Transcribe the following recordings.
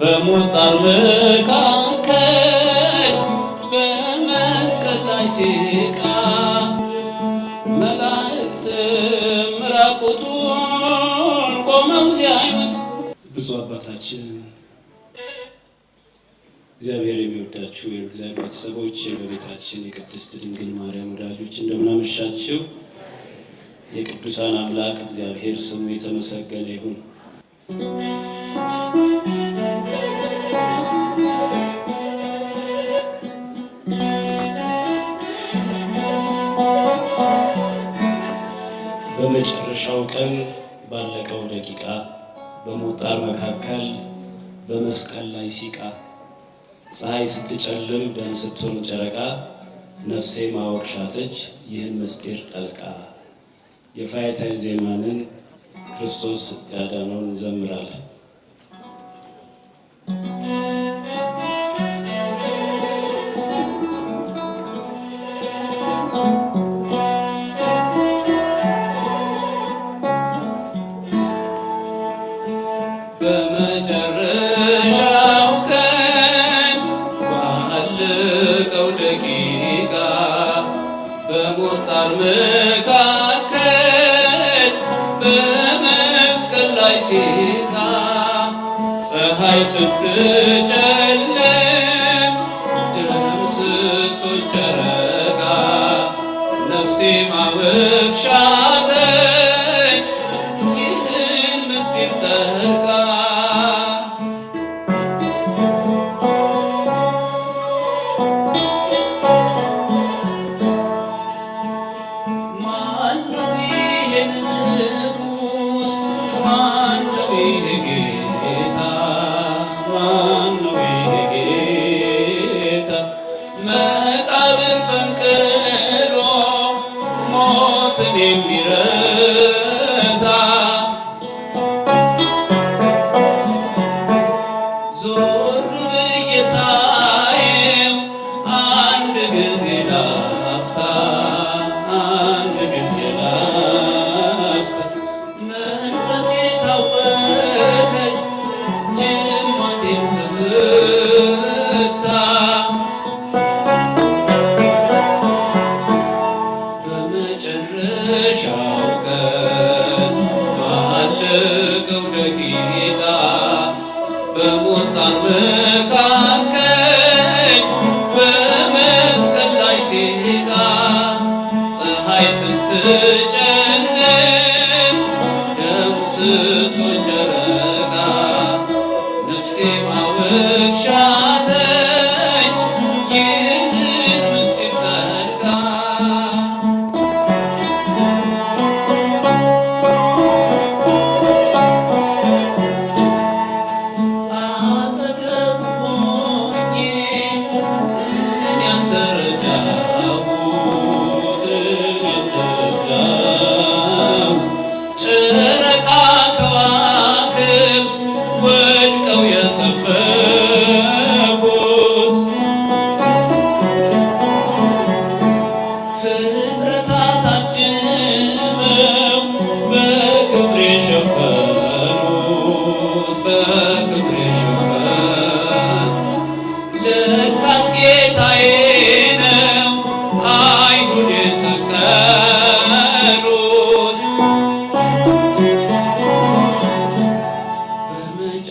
በሞት መካከል በመስቀል ላይ ሲቃ መላእክት ምራቁቱን ቆመው ሲያዩት ብፁዕ አባታችን እግዚአብሔር የሚወዳችሁ የእግዚአብሔር ቤተሰቦች የእመቤታችን የቅድስት ድንግል ማርያም ወዳጆች እንደምን የቅዱሳን አምላክ እግዚአብሔር ስሙ የተመሰገነ ይሁን። በመጨረሻው ቀን ባለቀው ደቂቃ በሞጣር መካከል በመስቀል ላይ ሲቃ ፀሐይ ስትጨልም ደም ስትሆን ጨረቃ ነፍሴ ማወቅ ሻተች ይህን ምስጢር ጠልቃ። የፋይታይ ዜማንን ክርስቶስ ያዳነውን እንዘምራለን። Música ፀሐይ ስትጨልም ደም ስትሆን ጨረቃ ነፍሴ ማወቅሻተ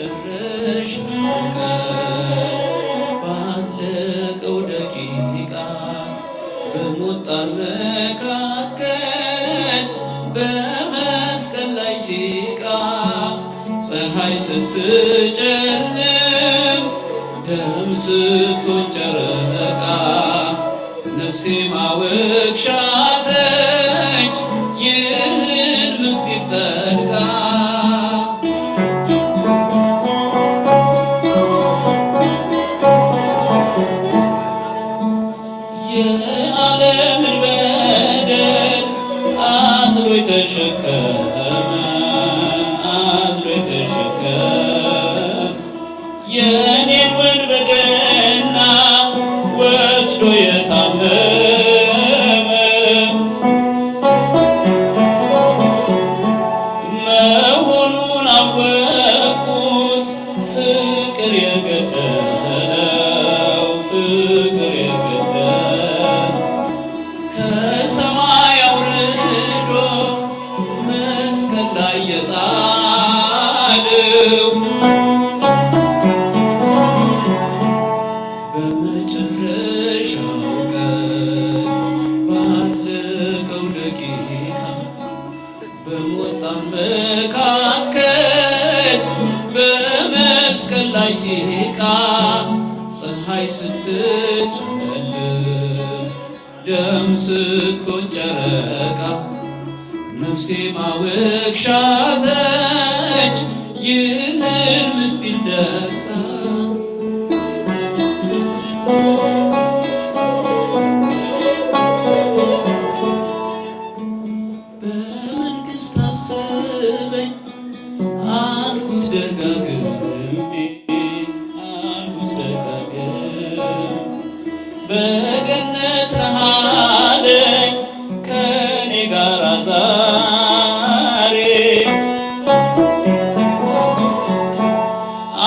በጨረሽ ቀን ባለቀው ደቂቃ በሞጣር መካከል በመስቀል ላይ ሲቃ ፀሐይ ስትጨልም ደም ስትሆን ጨረቃ ነፍሴ ማወቅ ሻተች ይህን ምስጢር ስትጨልም ደም ስትሆን ጨረቃ ነፍሴ ማወቅ ሻተች ይህን በገነት ረሃለኝ ከኔ ጋር ዛሬ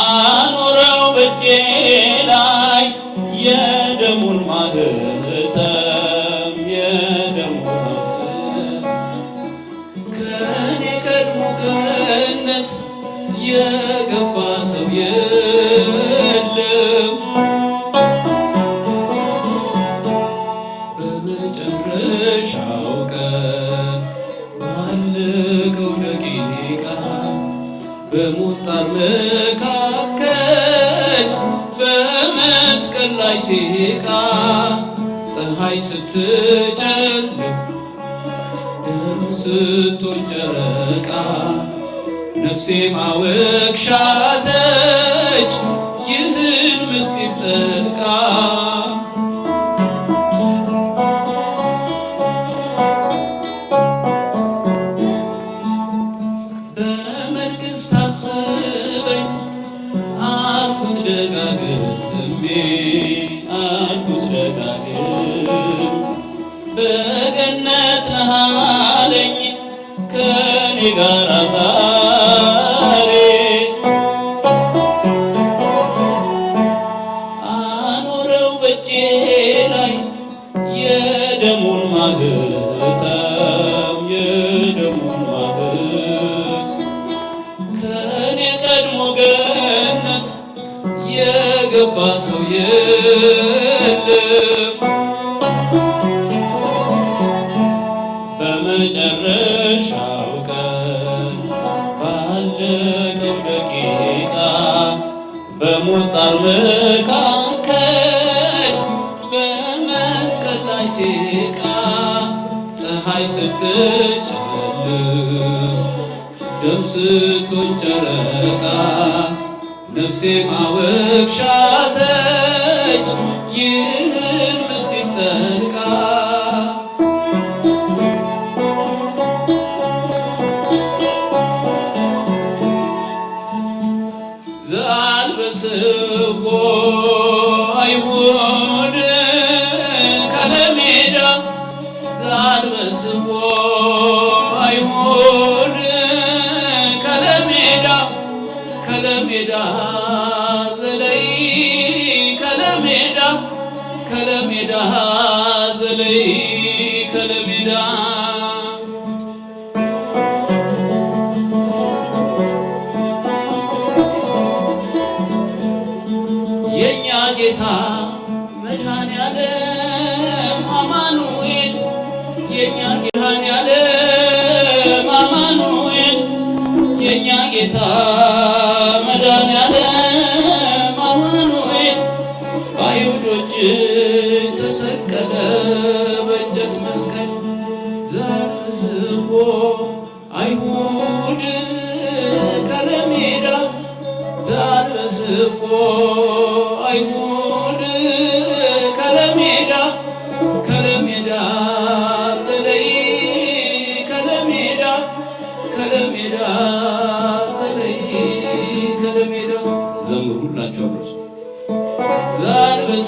አኖረው በጄ ላይ የደሙን ማህተም የደሙን ከኔ ቀድሞ ገነት የገባ ሰው ሲቃ ፀሐይ ስትጨልም ደም ስትሆን ጨረቃ ነፍሴ ማወቅ ሻተች ይህን ምስጢር ጠልቃ በገነት ነህ አለኝ ከኔ ጋር ዛሬ አኖረው በእጄ ላይ የደሙን ማህተም የደሙን ማህተም ከኔ ቀድሞ ገነት የገባ ሰው መጨረሻው ቀን ባለቀው ደቂቃ በሞጣር መካከል በመስቀል ላይ ሲቃ ፀሐይ ስትጨልም ደም ስቶን ጨረቃ ነፍሴ ማወቅ ሻተች ጌታ መድኃኔዓለም አማኑኤል የኛ መድኃኔዓለም አማኑኤል የኛ ጌታ መድኃኔዓለም አማኑኤል በአይሁዶች ተሰቀለ በእንጨት መስቀል ዘርዝቦ አይሁድ ከለሜዳ ዘርዝቦ አይሁድ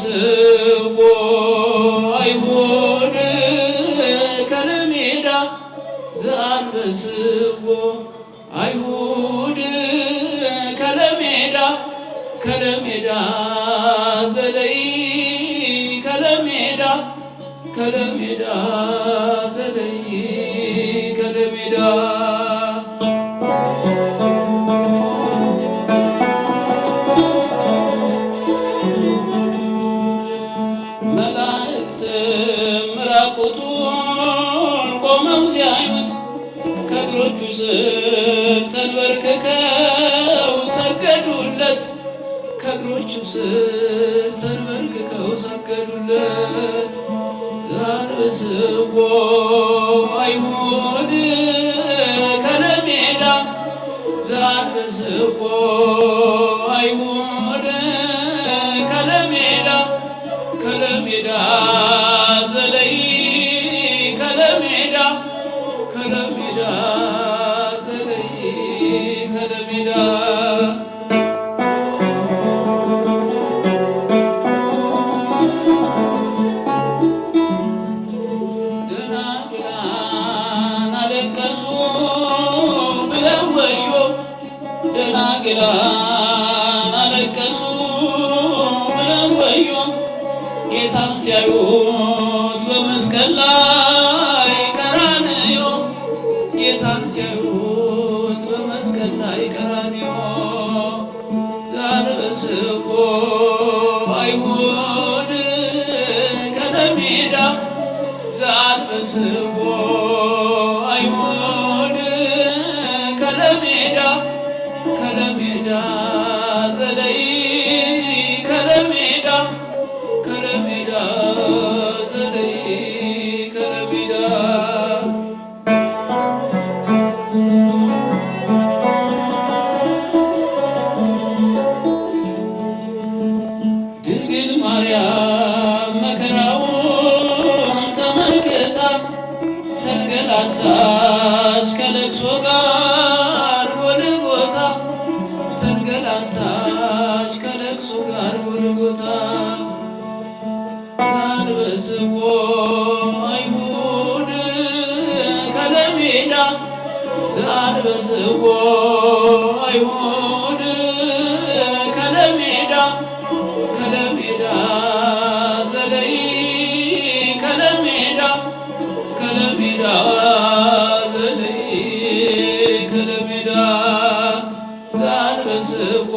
አስቦ አይሆን ከለሜዳ ዘአንበስቦ አይሁድ ከለሜዳ ከለሜዳ ዘለይ ከለሜዳ ከለሜዳ ዘለይ ስር ተንበርክከው ሰገዱለት። ዛንብስዎ አይሁድ ከለሜዳ ዛንብስዎ ቀራንዮ ዛር በስቆ አይሁድ ቀደም ሄዳ ዛር በስቆ ስዎ አይሁድ ከለሜዳ ዘአልበስዎ አይሁድ ከለሜዳ ከለሜዳ ዘለይ ከለሜዳ ከለሜዳ ዘለይ ከለሜዳ ዘአልበስዎ